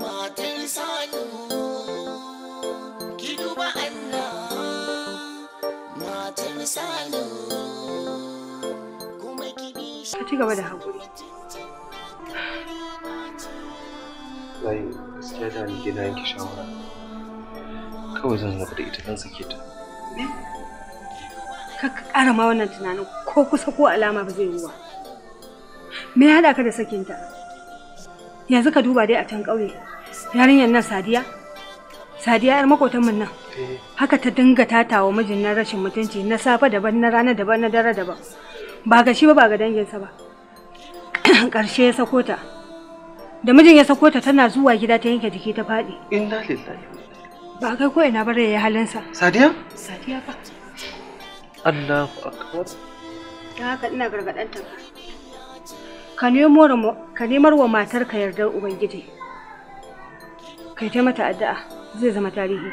matar sanu ki duba Allah matar sanu kuma ki bi shi ci gaba da hakuri Lai gaskiya da ni gina yanki shawara kawai zan zaba da ita kan sake ta ka ƙara ma wannan tunanin ko kusa ko alama ba zai yi ba me ya haɗa ka da sakinta yanzu ka duba dai a can ƙauye yarinyar nan sadiya sadiya yar makotanmu nan eh. haka ta dinga tatawa mijin nan rashin mutunci na safe daban na rana daban na dare daban ba ga shi ba ba ga danginsa ba ƙarshe ya sako ta da mijin ya sako ta tana zuwa gida ta yanke jiki ta faɗi inna lillahi ba kai ko ina bare ya halinsa sadiya sadiya ba Allahu akbar ta haka ina gargadanta ka ka nemar wa matarka yardar ubangiji kai ta mata addu'a zai zama tarihi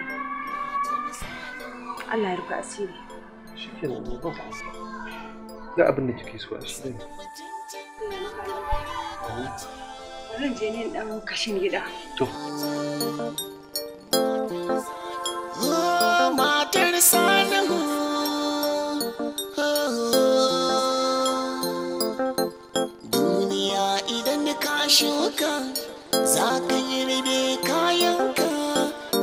Allah ya rufe asiri shikenan ne ba ga abin da kike so a shi ne zan je ne dan kashin gida to shuka za ka girbe kayanka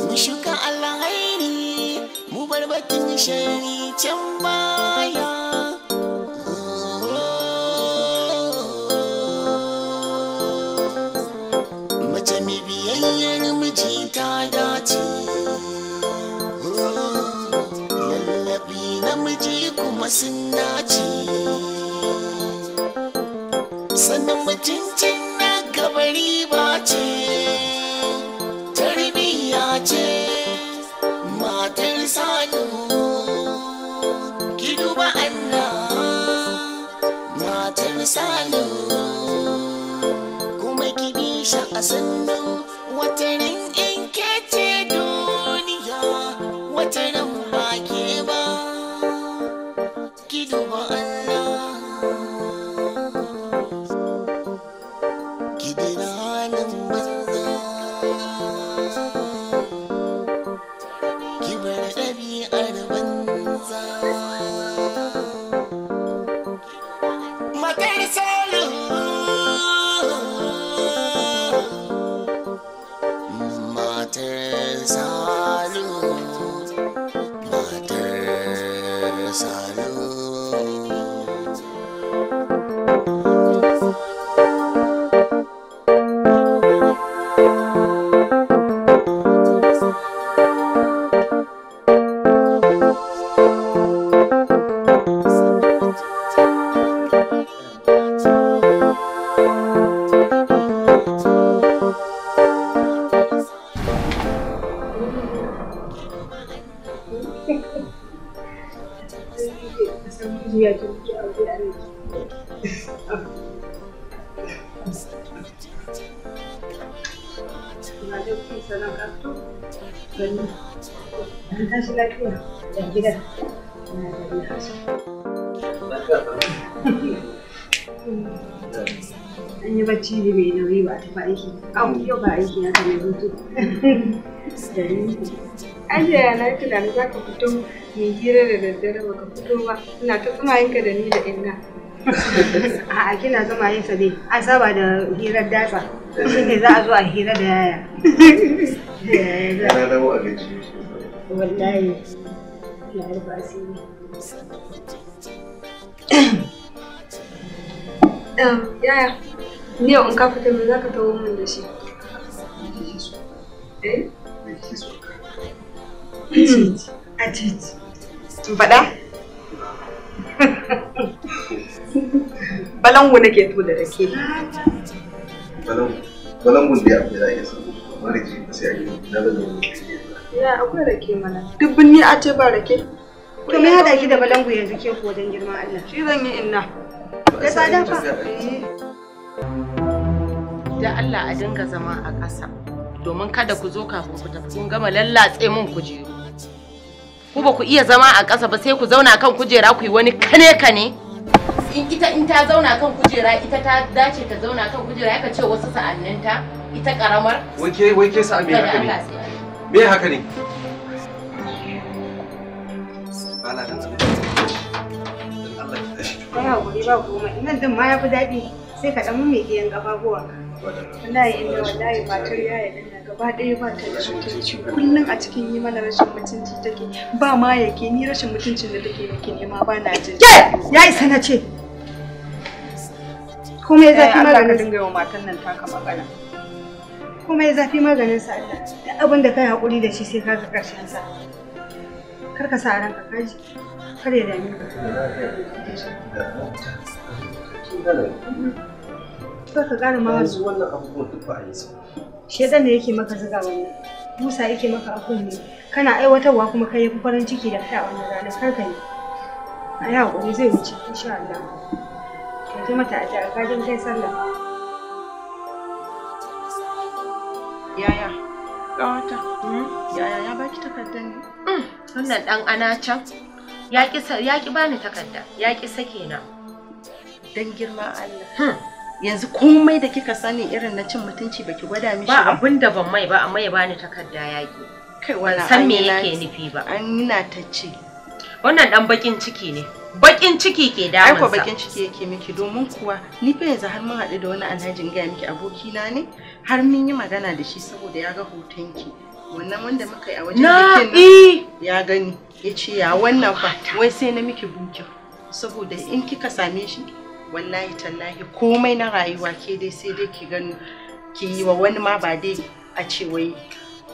mu shuka alhairi mu batun shari can baya mace mai biyayyar miji ta dace lallabi namiji kuma sun dace sannan mutunci Hari An yi bacci da mai nauyi ba ta aiki. Au, yau ba aiki ya mai hutu. Ajiya na yi da za ka fito mai hira da daddare ba ka fito ba. Ina ta tsuma yinka da ni da inna. A'a kina zama yin sa dai. An saba da hirar datsa. Shi ne za a zo a hira da yaya. Yana dawo a gaji. Wallahi. Ya rufa asiri. yaya yau in ka fita me za ka tawo min da shi eh? Faɗa? Balangu nake da rake. Balangu. Balangun dai akwai za a iya samu. Amma rake ba sai a yi Ya akwai mana. a ce ba rake. To me hada ki da balangu yanzu ke ko wajen girman yi inna. da tsada fa da Allah a dinga zama a ƙasa domin kada ku zo kafin ku tafi kun gama lallatse mun kujeru ku ba ku iya zama a ƙasa ba sai ku zauna kan kujera ku yi wani kane kane in ita in ta zauna kan kujera ita ta dace ta zauna kan kujera yaka ce wasu ta ita karamar wake wake sa'a me haka ne me haka ne Allah dan kai hakuri ba komai nan din ma ya fi daɗi sai ka ɗan mai ɗiyan ƙafafuwa wallahi inda wallahi matar ya yi nan gaba ɗaya ba ta da mutunci kullum a cikin yi mana rashin mutunci take ba ma yake ni rashin mutuncin da take yake nema ba na jin Ke! ya isa na ce komai zafi eh, maganin ka dinga wa matan nan taka magana komai zafi maganin sa Allah abin da kai hakuri da shi sai ka ga karshen sa kar ka sa ranka kaji kare da ni ba ka ƙara ma wasu wannan abubuwan duk ba a yi su shedan da yake maka zuga wannan musa yake maka abun ne kana aiwatarwa kuma kai yafi farin ciki da kai a wannan kar ka yi a yi haƙuri zai wuce insha ka ji mata a jihar kai sallah yaya ya baki takardar mm, can ya ki bani takarda ya ki sake na don girma Allah hmm. yanzu komai da kika sani irin na cin mutunci baki gwada mishi ba abin da ban mai ba amma ya bani takarda ya ki wala san me yake nufi ba an yana ta ce wannan dan bakin ciki ne bakin ciki ke da ai ko bakin ciki yake miki domin kuwa ni fa yanzu har mun haɗu da wani alhajin ga miki abokina ne har mun yi magana da shi saboda ya ga ki wannan wanda muka yi a wajen bikin eh. ya gani ya ce ya wannan fa wai sai na miki bukin saboda in kika same shi wallahi tallahi komai na rayuwa ke dai sai dai ki gano ki yi wa wani ma ba dai a ce wai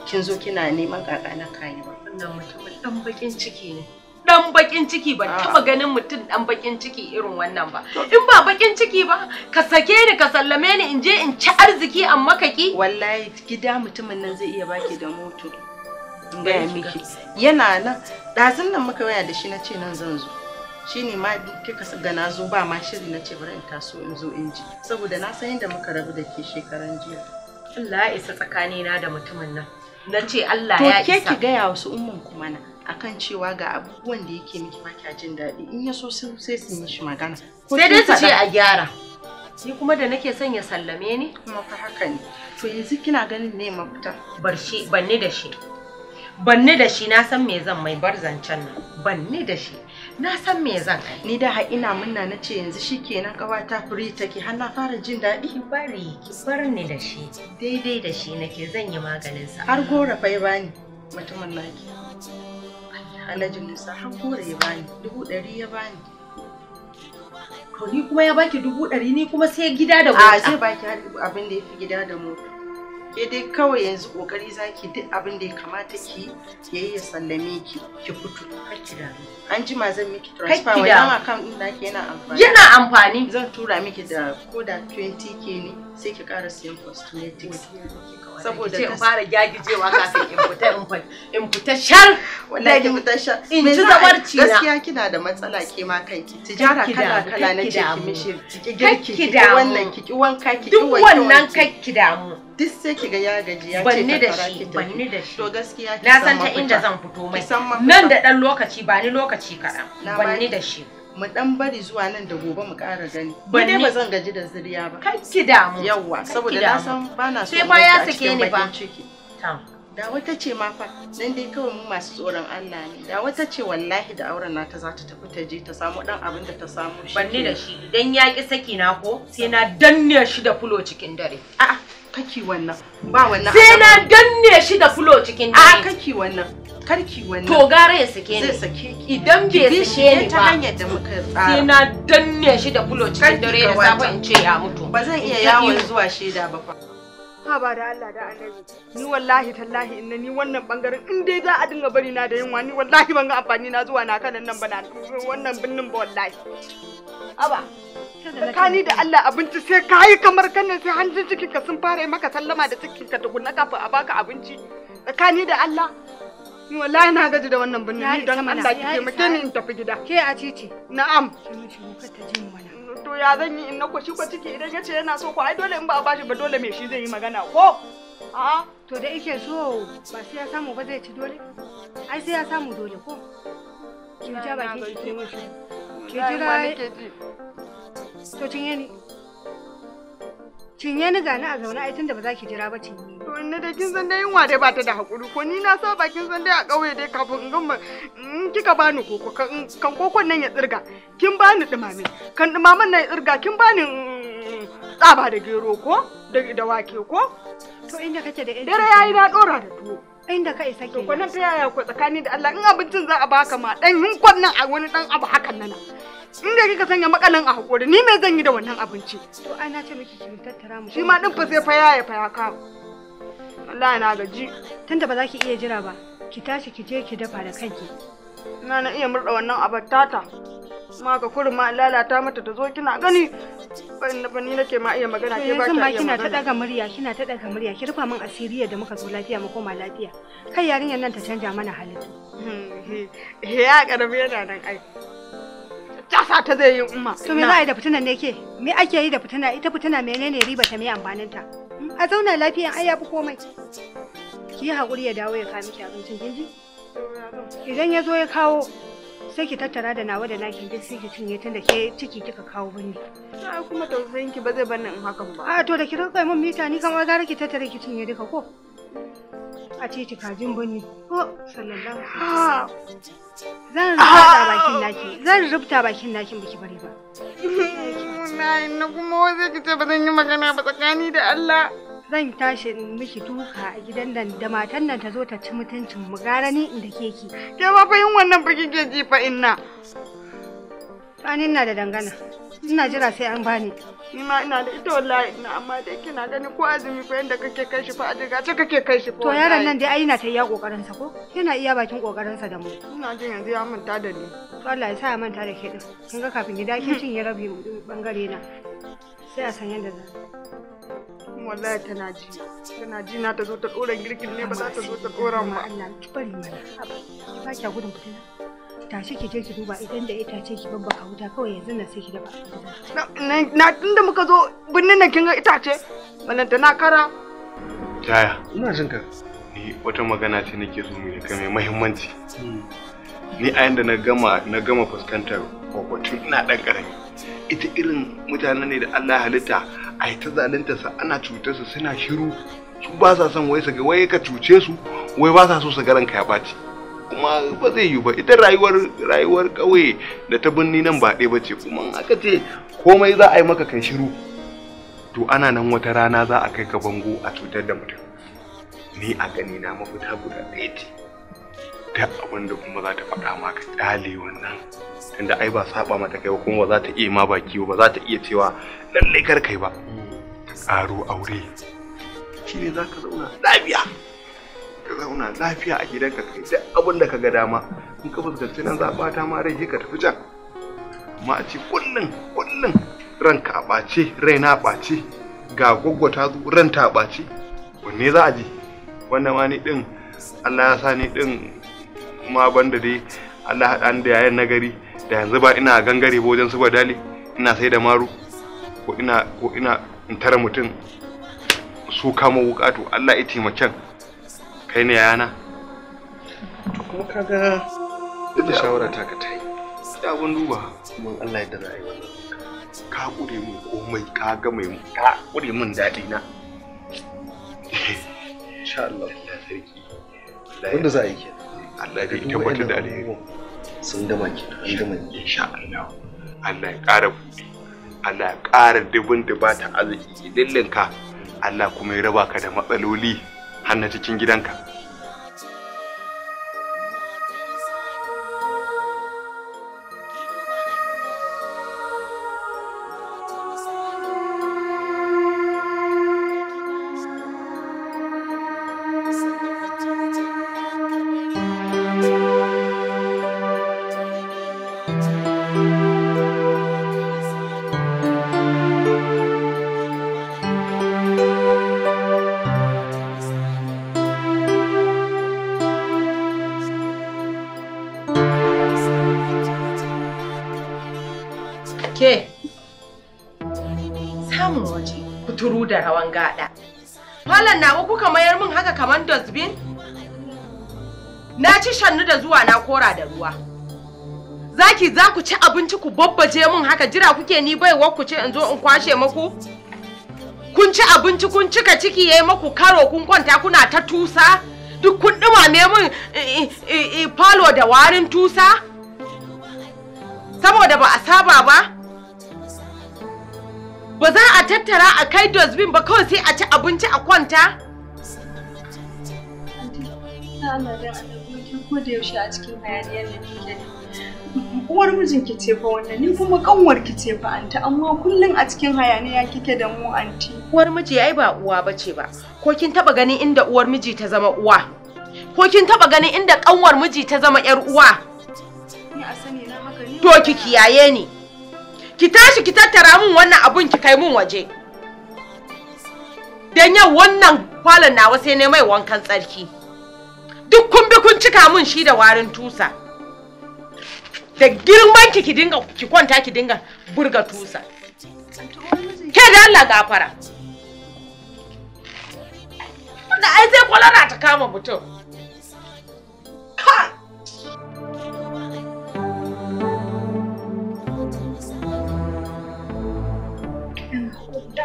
kin zo kina neman kaka na kayi ba wannan mutumin dan bakin ciki ne dan bakin ciki ban ah. taba ganin mutum dan bakin ciki irin wannan ba in ba bakin ciki ba ka sake ni ka sallame ni in je in ci arziki amma ka ki wallahi gida mutumin nan zai iya baki da moto in ga miki yana nan ɗazun nan muka waya da shi na ce nan zan zo shi ne ma kika ga na zo ba ma shiri na ce bari in taso in zo in ji saboda na san yadda muka rabu da ke shekaran jiya Allah ya isa tsakanina da mutumin nan na ce Allah ya isa to ke ki ga ya wasu umman kuma na akan cewa ga abubuwan da yake miki ba kya jin daɗi in ya so sai su yi shi magana sai dai su ce a gyara ni kuma da nake son ya sallame ni kuma fa haka ne to yanzu kina ganin ne mafita bar shi banne da shi banne da shi na san me zan mai bar zancen nan banne da shi na san me zan ni da ha ina munna na ce yanzu shikenan kawata fure take har na fara jin daɗi ki bari ki bar ni da shi daidai da shi nake zan yi maganin sa har gora fa ya bani mutumin naki alhaji musa har kore ya bani dubu ɗari ya bani to ni kuma ya baki dubu ɗari ni kuma sai gida da mota a sai baki abin da ya fi gida da mota ke dai kawai yanzu kokari zaki duk abin da ya kamata ki yayi ya sallame ki ki fito ki da an ma zan miki transfer dama kan din naki yana amfani yana amfani zan tura miki da koda 20k ne sai ki ƙara siyan cosmetics saboda in fara gyagijewa kafin in fita in fita shar wallahi ki fita shar in ci zabarci na gaskiya kina da matsala ke ma kanki tijara kala kala na ce ki mishi ki girki ki wannan ki ki wanka ki ki wanki duk wannan kakki damu duk sai ki ga ya gaji ya ce ta fara ki banni da shi to gaskiya ki san na san ta inda zan fito mai nan da dan lokaci ba ni lokaci kaɗan banni da shi mu dan bari zuwa nan da gobe mu kara gani ba dai ba zan gaji da zuriya ba kai ki damu yawa saboda na san ba na so ba ya sake ni ba da wata ce ma fa nan dai kawai mu masu tsoron Allah ne da wata ce wallahi da auren nata za ta tafi ta je ta samu dan abin da ta samu shi banni da shi idan ya ki saki na ko sai na danne shi da fulo cikin dare a'a kaki wannan ba wannan sai na danne shi da fulo cikin dare a'a kaki wannan karki wannan to gara ya sake ni zai sake ki idan ki bi shi ta hanyar da muka tsara sai na danne shi da bulo cikin dare da safe in ce ya mutu ba zan iya yawon zuwa shaida ba fa ha ba da Allah da annabi ni wallahi tallahi inna ni wannan bangaren in dai za a dinga bari na da yunwa ni wallahi ban ga amfani na zuwa na kanan nan ba na wannan binnin ba wallahi aba tsakani da Allah abinci sai ka yi kamar kanan sai hanjin cikinka sun fara yi maka sallama da cikinka, ka tukuna kafin a baka abinci tsakani da Allah wallahi na gaji da wannan ni don Allah ki ke ni in tafi gida. Ke a titi Na'am. To ya zan yi in na kwashi ko ciki idan ya ce yana so ko ai dole in ba a bashi ba dole me shi zai yi magana ko? A to da yake so ba sai ya samu ba zai ci dole. Ai sai ya samu dole ko? Ki ja baki ki ki jira. To cinye ni. Cinye ni gani a zaune ai tunda ba za ki jira ba cinye. To inna da kin san dai yunwa dai ba ta da hakuri ko ni na sa ba kin san dai a ƙauye dai kafin in gama in kika bani koko kan kokon nan ya tsirga kin bani dumame kan dumaman nan ya tsirga kin bani mm, tsaba da gero ko da wake ko. To inda kake da Dare yayi na dora da tuwo. Inda ka isa ke. To nan ta yaya ko tsakani da Allah in abincin za a baka ma dan hinkon nan a wani dan abu hakan nan. In da kika sanya makalan a hakuri ni me zan yi da wannan abinci? To ai na ce miki ki tattara mu. Shi ma din fa sai fa yaya fa ya kawo. Wallahi na gaji. Tunda ba za ki iya jira ba. Ki tashi ki je ki dafa da kanki. Ina na iya murda wannan abattata. Ma ga kurin ma lalata mata ta zo kina gani. Ba ni nake ma iya magana ke ba ki iya magana. kina ta daga murya kina ta daga murya ki rufa min asiriya da muka zo lafiya mu koma lafiya. Kai yarinyar nan ta canja mana halittu. Hmm, he ya karbi yana nan ai. dasa ta zai yi umma to me za a yi da fitinan ne ke me ake yi da fitina ita fitina menene riba ta me amfanin ta hmm? a zauna lafiyan ai yafi komai ki hakuri ya dawo ya kawo miki abincin kin ji idan ya zo ya kawo sai ki tattara da nawa da naki duk sai ki cinye tun da ke ciki kika kawo bane ai kuma tausayin ki ba zai ni in hakan ba a to da ki rinka min mita ni kamar gara ki tattara ki cinye duka ko a ce cikajin bane ko sallallahu ah. zan rubuta ah. bakin naki zan rubuta bakin nakin biki bare ba na kuma waje ki ce ba zan yi magana ba tsakani da Allah zan tashi miki duka a gidan nan da matan nan ta zo ta ci mutuncin mu gara ni inda keke ke ba fa yin wannan bakin ke ji fa inna tsanin na da dangana. Ina jira sai an bani. Ni ma ina da ita wallahi ina amma dai kina gani ko azumi ko yanda kake kai shi fa a diga ce kake kai shi fa. To yaron nan dai ai ina ta iya kokarin sa ko? Yana iya bakin kokarin sa da mu. Ina jin yanzu ya manta da ni. To Allah ya sa ya manta da ke din. Kin ga kafin gida ke cin ya rabi bangare na. Sai a san yanda za. wallahi tana ji tana ji na ta zo ta dora girkin ne ba za ta zo ta dora mu Allah ki bari mana ba ki gudun fitina tashi ki je ki duba idan da itace ki babba ka wuta kawai yanzu na sai ki dafa na tunda muka zo binnin nan kin ga itace balanta na kara yaya ina jin ka ni wata magana ce nake so mu kai mai muhimmanci hmm. ni a yanda na gama na gama fuskantar kwakwatun ina dan karami ita irin mutane ne da Allah halitta a ta zalunta sa ana cutar su suna shiru su ba sa son wai su ga wai ka cuce su wai ba sa so su ga ranka ya ɓaci kuma ba zai yiwu ba ita rayuwar rayuwar ƙauye da ta birni nan ba ɗaya bace kuma aka ce komai za a yi maka kai shiru to ana nan wata rana za a kai ka bango a cutar da mutum ni a gani na mafita guda ɗaya ce ta abin kuma za ta faɗa ma ka wannan tunda ai ba saba mata kai kuma ba za ta iya ma baki ba za ta iya cewa lallai kar kai ba ƙaro aure shi ne za ka zauna lafiya ka zauna lafiya a gidanka kai duk abin da ka ga dama in ka fuskanci nan zaɓa ta ma rai ka tafi can amma a ce kullum kullum ranka a ɓace raina a ɓace ga gwaggwa ta zo ran ɓace wanne za a ji wannan ma ni ɗin Allah ya sa ni ɗin ma banda dai Allah haɗa da yayan nagari da yanzu ba ina gangare ba wajen suba dali ina sai da maru ko ina ko ina in tara mutum su kama wuƙa to Allah ya taimakon kai ne yana to kuma kaga duk da shawara ta ka ta yi da abun duba kuma Allah ya dana yi ka kure min komai ka ga mai mu ka kure min dadi na insha Allah sarki wanda za a yi ke Allah ya tabbata da alheri sun gama kenan an gama insha Allah Allah ya kara buɗe Allah ya kara dubin dubata arziki dillinka Allah kuma ya raba ka da matsaloli har na cikin gidanka samun waje kuturu da rawan gada falon nawa kuka mayar min haka kamar dustbin na ci shannu da zuwa na kora da ruwa zaki za ku ci abinci ku babbaje min haka jira kuke ni baiwa ku ce in zo in kwashe muku kun ci abinci kun cika ciki yayi maku karo kun kwanta kuna ta tusa duk kun me min falo da warin tusa saboda ba a saba ba ba za a tattara a kai dosbin ba kawai sai a ci abinci a kwanta? uwar ki ce fa wannan ni kuma kanwar ki ce fa anta amma kullun a cikin hayaniya kike da mu anti uwar miji ai ba uwa bace ba ko kin taba ganin inda uwar miji ta zama uwa ko kin taba ganin inda kanwar miji ta zama yar uwa ni a sani na haka ni to ki kiyaye ni ki tashi ki tattara min wannan abun ki kai min waje dan yau wannan kwalon nawa sai ne mai wankan tsarki duk kun bi kun cika min shi da warin tusa da girman ki ki dinga ki kwanta ki dinga burga tusa ke da Allah gafara da ai sai kwalara ta kama mutum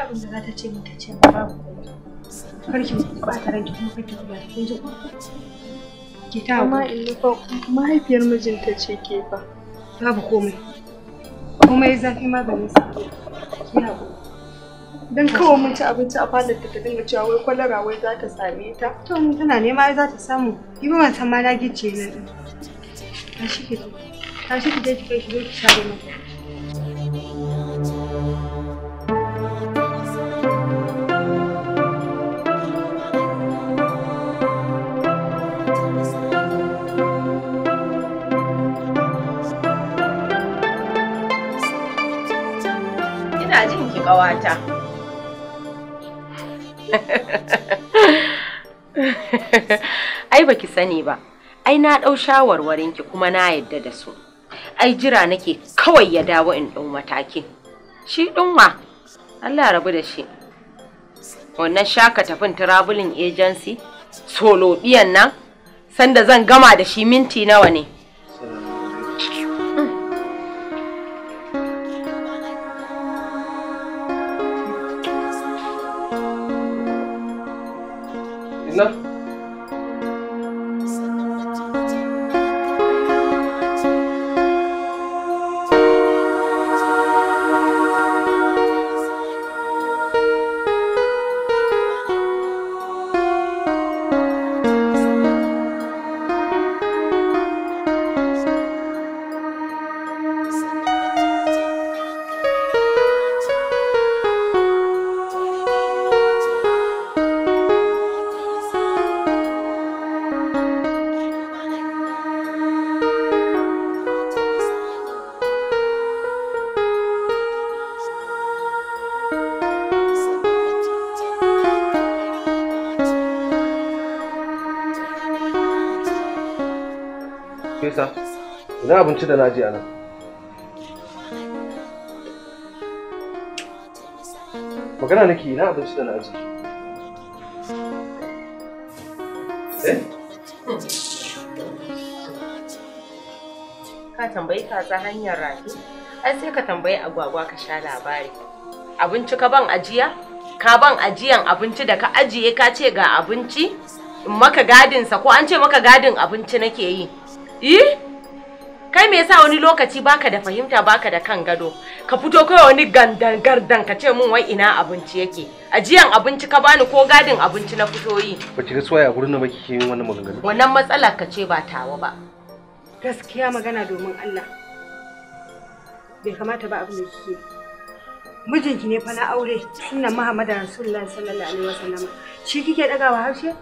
abin da za ta ce mata ce ba babu farki ba ta rage kuma farki ba ta kin ji ki ta amma in fa mahaifiyar mijinta ce ke fa babu komai komai zafi maganin sa ki haƙuri don kawo mun ci abinci a fadar ta dinga cewa wai kwalara wai za ta same ta to mun tana nema za ta samu ki ba man san ma na gice nan tashi ki tashi ki je ki kai ki ki share mata ƙawata. Ai baki sani ba, ai na ɗau ki kuma na yadda da su. Ai jira nake kawai ya dawo in ɗau mataki. Shi ɗinwa, Allah rabu da shi. Wannan shaka tafin traveling agency, solo nan, sanda zan gama da shi minti nawa ne. 那。Nafisa, ina abinci da naji anan. Magana nake ina abinci da naji. Eh? Ka tambayi kaza hanyar rafi, ai sai ka tambayi agwagwa ka sha labari. Abinci ka ban ajiya? Ka ban ajiyan abinci da ka ajiye ka ce ga abinci? In maka gadinsa ko an ce maka gadin abinci nake yi. Eh? Kai me yasa wani lokaci baka da fahimta baka da kan gado? Ka fito kai wani gandan gardan ka ce min wai ina abinci yake. Ajiyan abinci ka bani ko gadin abinci na fito yi. Ba ki ga soyayya gurin nan baki ke yin wannan maganganu. Wannan matsala ka ce ba tawa ba. Gaskiya magana domin Allah. Bai kamata ba abin da kike. Mijinki ne fa na aure sunan Muhammadu Rasulullahi sallallahu alaihi wasallam. Shi kike dagawa harshe?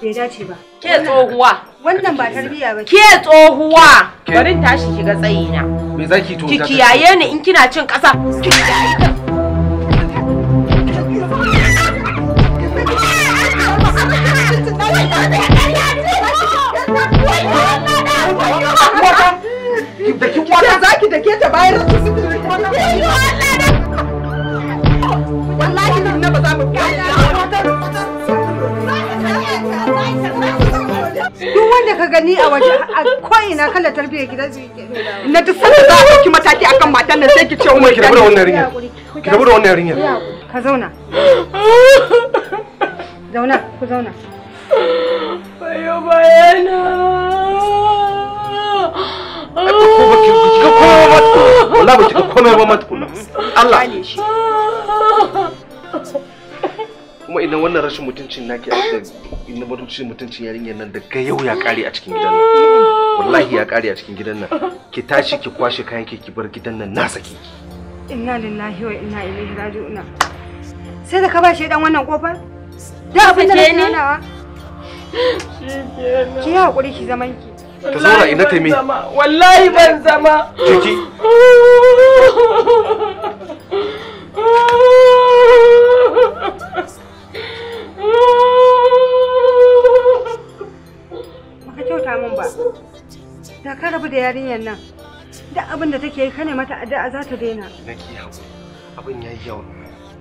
Bai dace ba. Ke tsohuwa. Wannan ba tarbiyya ba. Ke tsohuwa. Bari tashi kiga tsayi na. Me zaki to? Ki kiyaye ni in kina cin ƙasa. Ki kiyaye ni. gani a waje a ko'ina kala tarbiyyar gida su yake na duk sanin za a ɗauki mataki akan matan nan sai ki ce umar ki rabu da wannan yarinyar ki rabu da wannan yarinyar ka zauna zauna ku zauna bayo bayana Wala ba ki ga komai ba matukuna. Allah. kuma idan wannan rashin mutuncin naki a da inda mutuncin mutuncin yarinyar nan da ga yau ya kare a cikin gidan nan wallahi ya kare a cikin gidan nan ki tashi ki kwashe kayan ki ki bar gidan nan na saki inna lillahi wa inna ilaihi raji'un sai da ka ba shi dan wannan kofar da abin da nake nawa ki ya hakuri ki zaman ki ta zauna ina ta me wallahi ban zama kiki abu da yarinyar nan. Duk abin da take yi kane mata addu'a za ta daina. Na ki haƙuri. Abin ya yi yawa.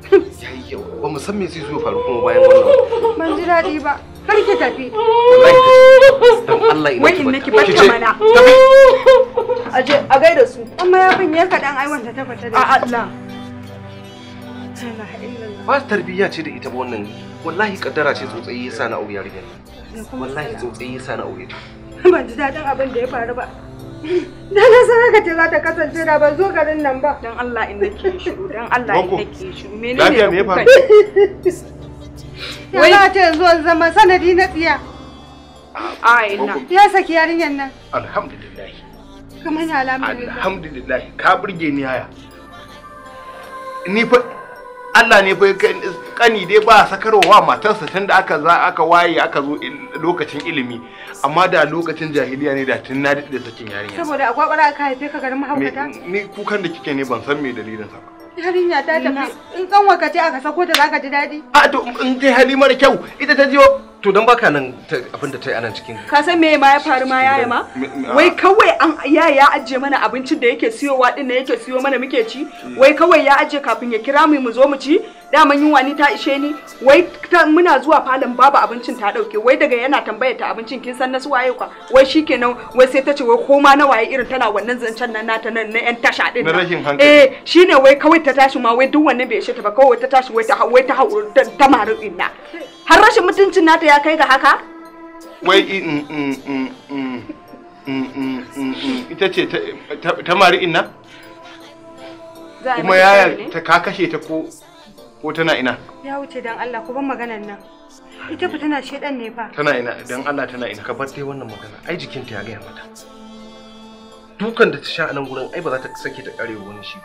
Ya yi yawa. Ba mu san me zai zo faru kuma bayan wannan. Ban ji daɗi ba. Kar ki tafi. Dan Allah ina ki nake bacci mana. Aje a gaida su. Amma ya bin ya kaɗan ai wanda ta fata da. A Allah. Ba tarbiyya ce da ita ba wannan wallahi kaddara ce tsotsayi yasa na aure yarinyar. Wallahi tsotsayi yasa na aure. Ban ji daɗin abin da ya faru ba. Da na san ce za ta kasance da ban zo garin nan ba. Don Allah in nake shiru, don Allah in nake shiru. Mene ne kuka yi? Yana ce zama sanadi na tsiya. A ina. Ya saki yarinyar nan. Alhamdulillah. Kamar ya Alhamdulillah ka burge ni haya. Ni fa Allah ne fa kani dai ba sakarwa matarsa tun da aka za aka waye aka zo lokacin ilimi amma da lokacin jahiliya ne da tun na da sakin yarinya saboda a kwakwara aka haife ka garin mahaukata ni kukan da kike ne ban san me dalilin sa ba yarinya ta tafi in kanwa ka aka sako ta zaka ji daɗi a to in kai hali mara kyau ita ta ji to dan baka nan abin da ta yi anan cikin ka san me ma ya faru ma yaya ma ah. wai kawai an yaya ya ajiye mana abincin da yake siyowa din yake siyo mana muke ci mm. wai kawai ya aje kafin ya kira mu mu zo mu ci daman yunwa ni ta ishe ni wai muna zuwa falon babu abincin ta dauke wai daga yana tambaya ta abincin kin san na su waye kwa wai shikenan wai sai ta ce wai koma na waye irin tana wannan zancen nan nata nan na yan tasha din na rashin hankali eh shine wai kawai ta tashi ma wai duk wannan bai ishe ta ba kawai ta tashi wai ta wai ta ta maru inna har rashin mutuncin nata ya kai ga haka wai ita ce ta mari inna kuma yaya ta ka kashe ta ko ko tana ina ya wuce dan Allah ku ban maganar nan ita fa tana shedan ne fa tana ina dan Allah tana ina ka bar dai wannan magana ai ta ya gaya mata dukan da ta sha a nan gurin ai ba za ta sake ta kare wani shi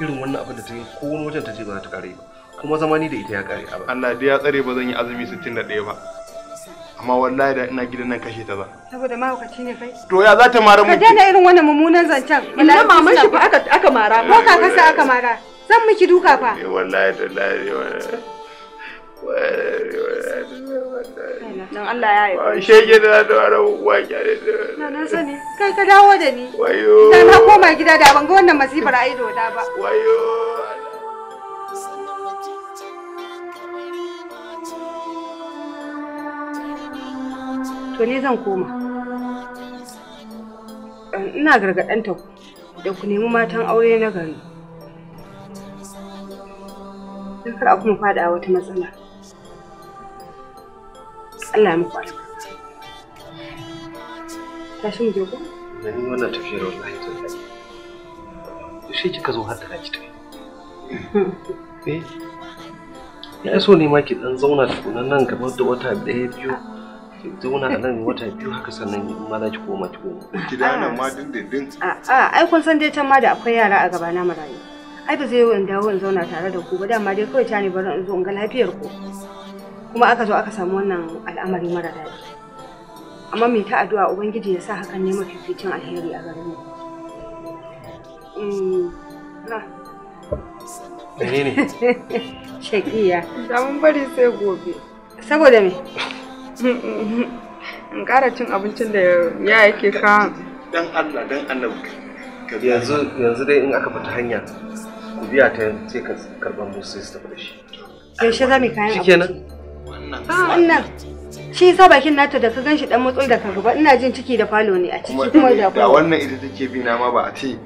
irin wannan abin da ta yi ko wani wajen ta je ba za ta kare ba kuma zamani da ita ya kare abin Allah da ya tsare ba zan yi azumi 61 ba amma wallahi da ina gidan nan kashe ta ba saboda mahaukaci ne kai to ya za ta mara mu ka daina irin wannan mummunan zancen wallahi maman shi fa aka aka mara ko kaka kasa aka mara zan miki duka fa eh wallahi da wallahi Dan Allah ya yi. Shege da na dawara uwa kyare da. Na nan sani. Kai ka dawo da ni. Wayo. Da na koma gida da ban ga wannan masifar a da ba. Wayo. to ne zan koma ina gargaɗanta ku da ku nemi matan aure na gari don kar a kuma fada wata matsala Allah ya muku Ta shi mu je ko na yi wannan tafiyar wallahi ta tsaye shi kika zo har da naki tafi hmm. eh ya so ne ma ki dan zauna tukunan nan gaba da wata ɗaya biyu zauna a nan wata biyu haka sannan in ma za ki koma ki koma. Gida nan ma dindindin. A'a ai kun san dai can ma da akwai yara a gaba na marayu. Ai ba zai yi in dawo in zauna tare da ku ba dama dai kawai ta ne bari in zo in ga lafiyar ku. Kuma aka zo aka samu wannan al'amari mara daɗi. Amma mai ta addu'a Ubangiji ya sa hakan ne mafificin alheri a garin mu. Hmm, Menene? Shakiya. Zaman bari sai gobe. Saboda me? in ƙara cin abincin da ya yake ka dan Allah dan annabi yanzu yanzu dai in aka fita hanya ku biya ta ce ka karban musu sai su tafi da shi yaushe za mu kayan shikenan ah, wannan shi sa bakin nata da ka ganshi dan matsoyi da ka gaba ina jin ciki da falo ne a ciki kuma da da wannan ita take bi na ma ba a ce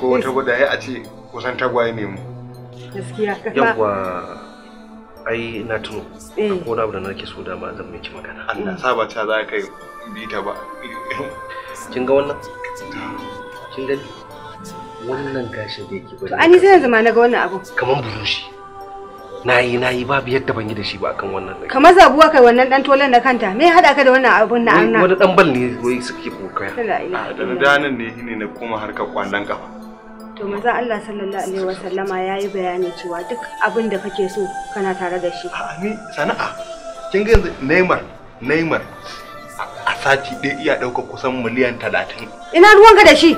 ko wata gudaye a ce kusan tagwaye ne mu gaskiya yawwa ai na tuno eh. ko na abu da nake so dama zan miki magana Allah saba ta za ka bi ta ba kin ga wannan kin ga wannan gashi da yake bari to ani sai zama na ga wannan abu kaman burushi nayi nayi babu yadda ban yi da shi ba akan wannan ɗin kamar zabuwa kai wannan dan tolan na kanta me hada ka da wannan abun na arna wani dan bal ne wai suke kokaya da danan ne ne na kuma harkar kwandan kafa to maza Allah sallallahu alaihi wasallama ya yi bayani cewa duk abin da kake so kana tare da shi a ni sana'a kin ga yanzu Neymar Neymar a sati ɗaya iya ɗaukar kusan miliyan talatin ina ruwan ka da shi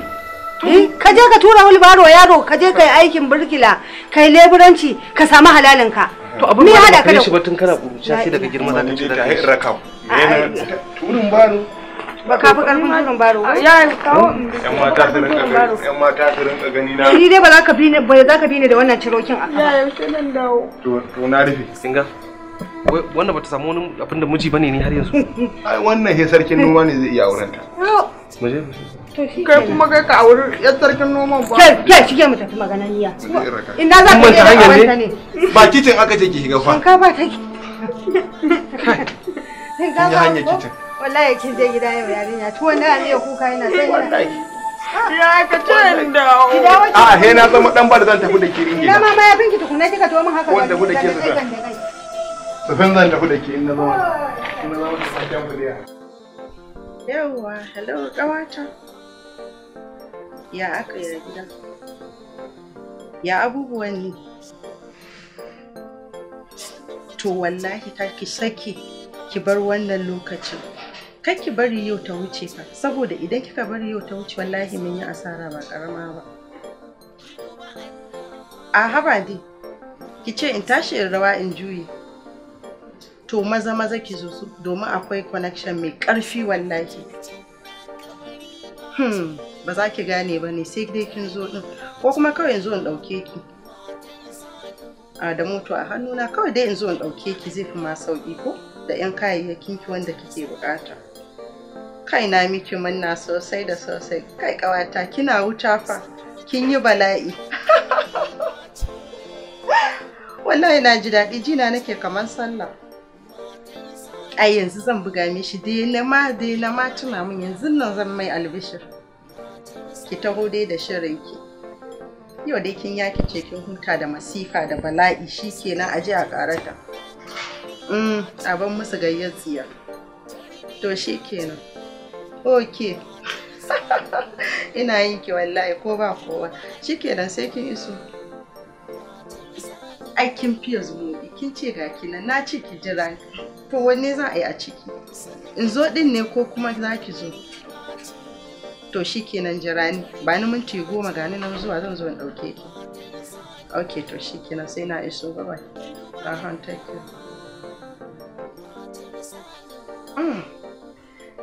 eh, ka je ka tura wulbaro yaro ka je ka yi aikin burkila ka yi leburanci ka samu halalin ka. to abin da ka da shi batun kana kuruciya sai daga girma za ka ci da kai rakam turin baro ba ka fi karfin shirin baro ba ya kawo yan mata su rinka gani yan mata su rinka gani na ni dai ba za ka bi ne ba za ka bi ne da wannan cirokin a ya yaushe nan dawo to to na rufe singa wannan bata samu wani abin da miji bane ne har yanzu ai wannan he sarkin noma ne zai iya auren ta mu je kai kuma kai ka auri yan sarkin noman ba kai kai shige mu tafi magana niya inda za ka je da wanta ne ba kicin aka ce ki shiga fa shinkafa ta shinkafa hanya kicin wallahi kin je gida yau yarinya tuwon da ne kuka yana eh, sai wallahi ah, ya ka tun da a he na zama dan bar zan tafi da ki ringe na ma ma ya finki tukuna kika to mun haka wanda gudu ke zan sufin zan tafi da ki in na zama in na zama sakin kuliya yawwa hello kawata ya aka yi gida ya abubuwan ne to wallahi ki saki ki bar wannan lokacin kar ki bari yau ta wuce ka saboda idan kika bari yau ta wuce wallahi mun yi asara ba karama ba a haba dai ki ce in tashi in rawa in juyi. to maza maza ki zo su domin akwai connection mai karfi wallahi hmm ba za ki gane ba ne sai dai kin zo din ko kuma kawai in zo in dauke ki a da moto a hannuna kawai dai in zo in dauke ki zai fi ma sauki ko da 'yan kayayyakin ki wanda kike bukata. kai na miki munna sosai da sosai kai kawata kina wuta fa kin yi bala'i wallahi na ji daɗi jina nake kamar sallah Ai yanzu zan buga mishi dai na ma dai na ma tuna min yanzu nan zan mai albishir ki taho dai da ki yau dai kin yaki ce kin huta da masifa da bala'i shikenan a ji a karata mm abin musu gayyar tsiya to shikenan ok ina yin ki wallahi ko ba kowa shikenan sai kin iso ai kin fiye zumobi kin ce ga kina na ci ki jira to wanne za a yi a ciki in zo din ne ko kuma za ki zo to shikenan jira ni ba ni minti goma ga ni nan zuwa zan zo in dauke ki ok to shikenan sai na iso baba ta hantar ki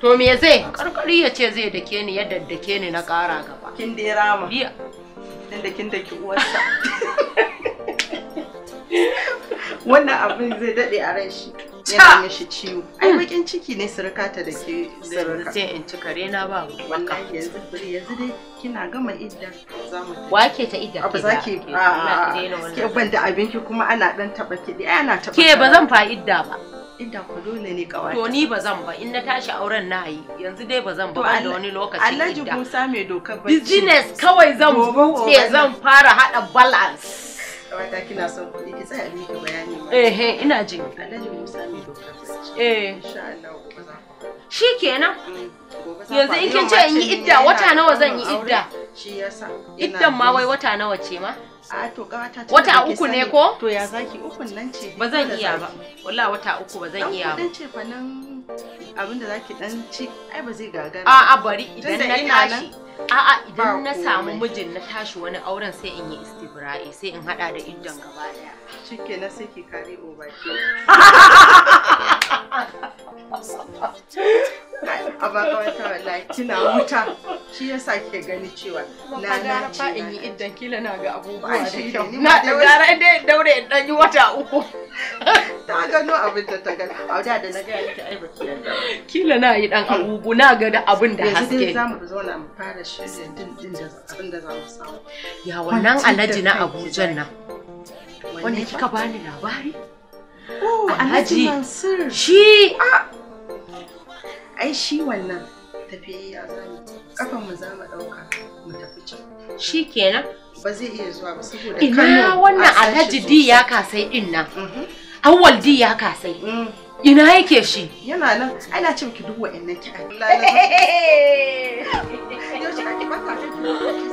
To me zai? Karkari ya ce zai dake ni ya daddake ni na kara gaba. Kin dai rama. Biya. Tun da kin daki uwarsa. Wannan abin zai dade a ran shi. Yana mishi ciwo. Ai hmm. bakin ciki ne surkata da ke surka. Sai in ci kare na ba. Wannan yanzu buri yanzu dai kina gama idda za Wake ta idda. Abu zaki a a. Ke banda abinki kuma ana dan taba kidi. Ai ana taba. Ke ba zan fa idda ba. inda ku ba zan ba in na tashi auren na yi yanzu dai ba wani lokaci kawai zan ce zan fara hada balance wata kina son kuɗi ina yanzu in kin ce in yi idda wata nawa zan yi idda iddan ma wai wata nawa ce ma Ah, A uku ne ko? To ya zaki ukun nan ce. Ba zan iya ba. wala wata uku ba zan iya ba. zaki dan ci ai ba zai gagara. A'a bari idan na tashi. A'a samu mijin na tashi wani auren sai in yi istibra'i sai in hada da injin gaba daya. Shike na sai ki kare a baka wata wallahi kina wuta shi yasa ke gani cewa na na fa in yi iddan kila na ga abubuwa da kyau na da gara dai in daure in dan yi wata uku ta gano abin da ta gani a da da na ga yake ai kila na yi dan abubu na ga da abin da haske yanzu dai zamu na mu fara shirin din din da abin da zamu samu ya wannan alaji na Abuja nan wanda kika bani labari Alhaji shi ah! ai shi wannan tafiyayya za mu kafan mu za mu dauka mu tafi can shi kenan ba zai iya zuwa ba saboda Kano ina wannan Alhaji mhm. D ya kasai din nan awwal ya kasai ina yake shi yana nan ce miki duk wa'annan ki Allah ake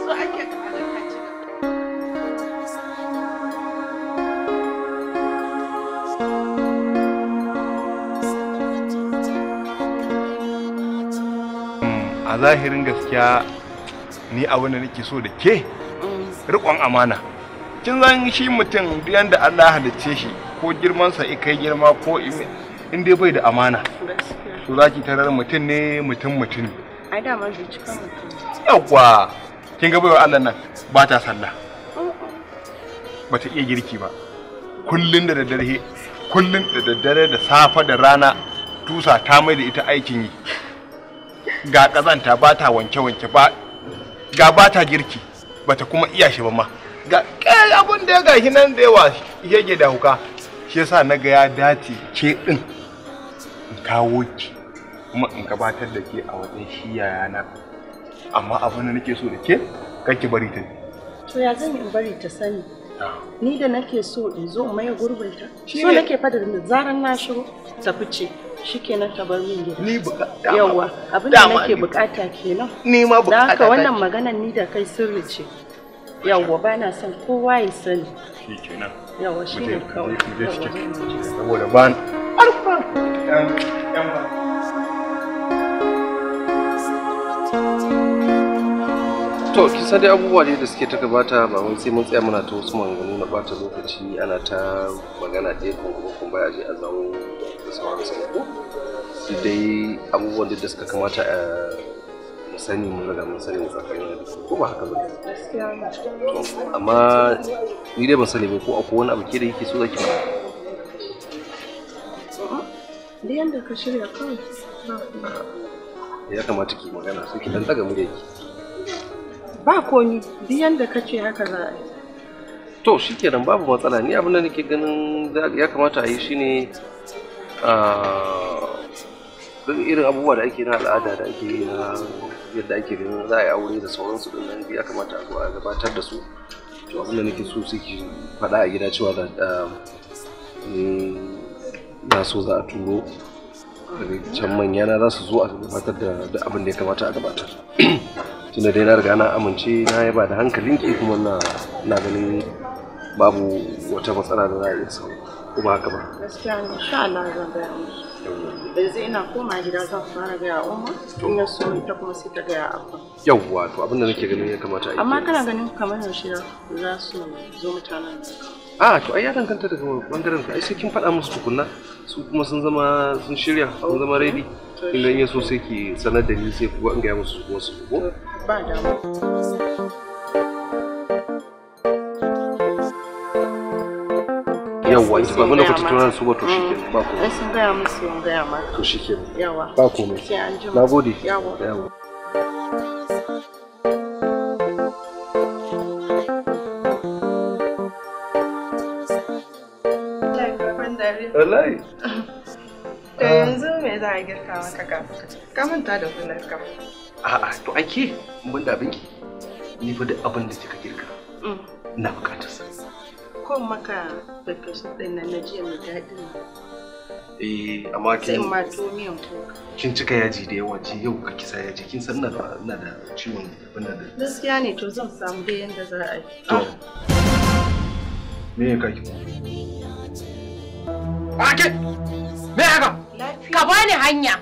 so ake a zahirin gaskiya ni abin da nake so da ke rikon amana kin zan shi mutum duk da Allah halicce shi ko girmansa i kai girma ko in dai bai da amana to za ki tarar mutum ne mutum mutum ai dama mutum yawwa kin ga baiwa Allah nan ba ta sallah ba ta iya girki ba kullun da daddare kullun da daddare da safa da rana tusa ta mai da ita aikin yi ga kazanta ba ta wanke-wanke ba ga ba ta girki ba ta kuma iya shi ba ma ga kai abun da ya shi nan da yawa yake da huka shi yasa na ga ya dace ke din in kawo ki kuma in gabatar da ke a wajen shi yayana amma abin da nake so da ke kake bari ta to ya zan in bari ta sani ni da nake so in zo mai gurbinta so nake fada da zaran na shiro ta fice shikenan ka bar gida ni yawa abin da nake bukata kenan ni ma bukata haka wannan maganar ni da kai sirri ce yawa ba na son kowa ya sani shikenan yawa shine kawai saboda ban alfa yan yan ba To, kisa dai abubuwa ne da suke ta gabata ba wai sai mun tsaya muna ta wasu maganganu na bata lokaci ana ta magana ɗaya kuma kuma baya je a zama zuwa dai abubuwan duk da suka kamata a mu sani mu riga mun sani mu tsakanin da ko ba haka ba amma ni dai ban sani ba ko akwai wani abu ke da yake so zaki ba da yanda ka shirya kawai ya kamata ki magana sai ki dan daga murya Ba ba ni duk yanda kace haka za a yi to shikenan babu matsala ni abin da nake ganin ya kamata a yi shine Ah, duk irin abubuwa da ake na al'ada da ake yi na yadda ake ganin za a yi aure da sauransu din nan ya kamata a a gabatar da su to abinda nake so suke faɗa a gida cewa da mm, na so za a turo can manya na za su zo a gabatar da abin da ya kamata a gabatar tunda dai na riga na amince na ba da hankalin ke kuma na ganin babu wata matsala da za a iya samu kuma haka ba gaskiya ne insha Allah zan gaya musu yanzu ina koma gida zan fara gaya umma in ya so ita kuma sai ta gaya abba yawwa to abin da nake ganin ya kamata a yi amma kana ganin kamar yaushe za su zo mutanen a to ai ya daga bangaren ka ai sai kin faɗa musu tukunna su kuma sun zama sun shirya sun zama ready in ya so sai ki sanar da ni sai ku ga gaya musu wasu ko ba yawwa ita ba muna kwata tunanin su ba to shikenan ba komai eh, sun gaya musu sun gaya ma to yawa ba yawa Wallahi. To eh, yanzu me za a girka maka kafin ka manta da kullum ka. A'a to ake mun da abinki. Ni fa duk abin da kika girka. Mm. Ina sa. ɗauko maka farfesun ɗin nan na jiya mai daɗi eh amma kin sai ma to miyan kuka kin cika yaji da yawa ce yau ka kisa yaji kin san nan ina da ciwon ina da gaskiya ne to zan samu dai yanda za a yi to me ya ki? Ake! Me haka? Ka bani hanya.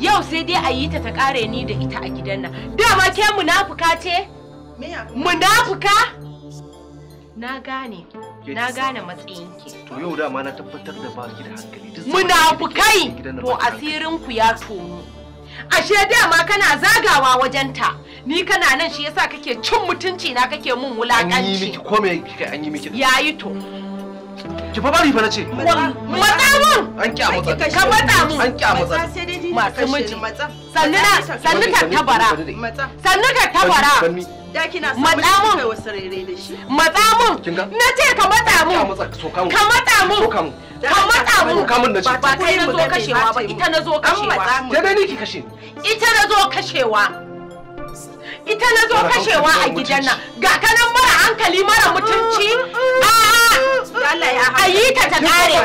Yau sai dai a yi ta ta kare ni da ita a gidan nan. Dama ke munafuka ce? Munafuka? Na gane. Na gane matsayinki. To yau dama na tabbatar da ba ki da hankali. To asirin ku ya tono. Ashe dama kana zagawa wajenta. Ni kana nan shi yasa kake cin mutunci na kake mun wulaƙanci. An yi miki kika an yi miki? Yayi to. Ki fa bari fa nace. Matsa mun. An ki Ka matsa mun. An ki Masu miji. Sannu na sannu ka tabara. Sannu ka tabara. Da kina son matsa mun kai wasu rere da shi. Matsa mun. Na ce ka matsa mun. Ka matsa mun. Ka matsa mun. Ka matsa mun. Ba kai na zo kashewa ba ita na zo kashewa. Ke dai ni ki kashe. Ita na zo kashewa. Ita na zo kashewa a gidan nan. Ga kanan mara hankali mara mutunci. A ayi ta ta kare.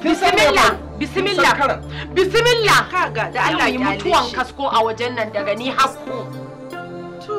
Bismillah. Bismillah. Bismillah. Kaga da Allah yi mutuwan kasko a wajen nan daga ni hakku. To.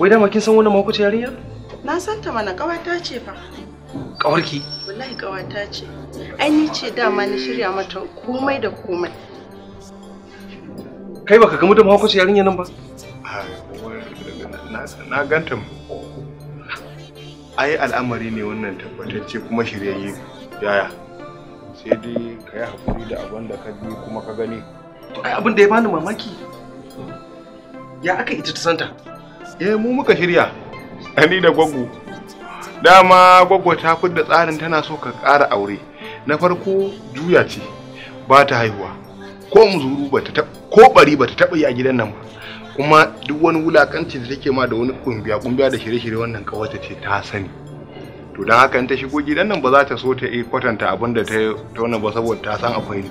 Wai dama kin san wannan makwacin yarinya? Na san ta mana kawata ce fa. Kawarki? Wallahi kawata ce. Ai ni ce dama na shirya mata komai da komai. Kai baka gamu da ce yarinya nan ba? Na ganta ai al'amari ne wannan tabbatacce kuma shiryayye yaya sai dai ka yi haƙuri da abin da ka bi kuma ka gani to ai abin da ya bani mamaki ya aka ita ta santa eh mu muka shirya ni da gwaggo dama gwaggo ta da tsarin tana so ka ƙara aure na farko juya ce ba ta haihuwa ko muzuru ba ta ko bari ba ta taɓa yi a gidan nan ba kuma duk wani wulakanci da take ma da wani kungiya kungiya da shirye-shirye wannan kawata ce ta sani to don haka in ta shigo gidan nan ba za ta so ta kwatanta abin da ta wannan ba saboda ta san akwai ni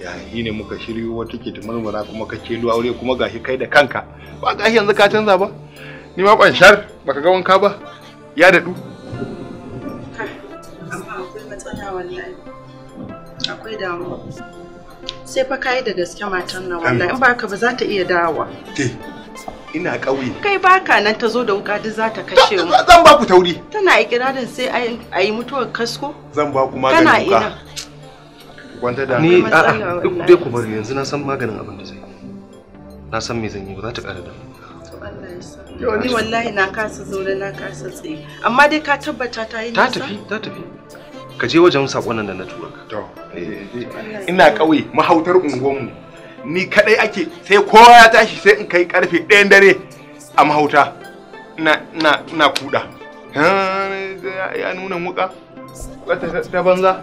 ya shi ne muka shiryo wata ke ta marmara kuma ka ce aure kuma gashi kai da kanka ba gashi yanzu ka canza ba ni ma kwanshar baka ga wanka ba ya daɗu. akwai damuwa sai fa yi da gaske matan nan wallahi in ka ba za ta iya dawowa ke ina ƙauye kai baka nan ta zo da wuka duk za ta kashe mu zan ba ku tauri tana ikirarin sai a yi mutuwar kasko zan ba ku maganin ina Gwanda da ni a duk dai ku bari yanzu na san maganin abin da zai. Na san me zan yi ba za ta ƙara da mu. Ni wallahi na kasa zaune na kasa tsaye. Amma dai ka tabbata ta yi Ta tafi, ta tafi. Ka je wajen saƙon nan da na tura ka. To. Eh, eh, eh. Ina ƙauye mahautar unguwanmu. Ni kadai ake sai kowa ya tashi sai in kai karfe ɗayan dare a mahauta. Na na na kuda. Ya nuna muka. Ta banza.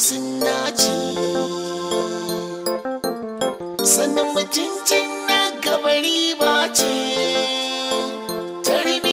sun dace sannan mutuncin na gabari ba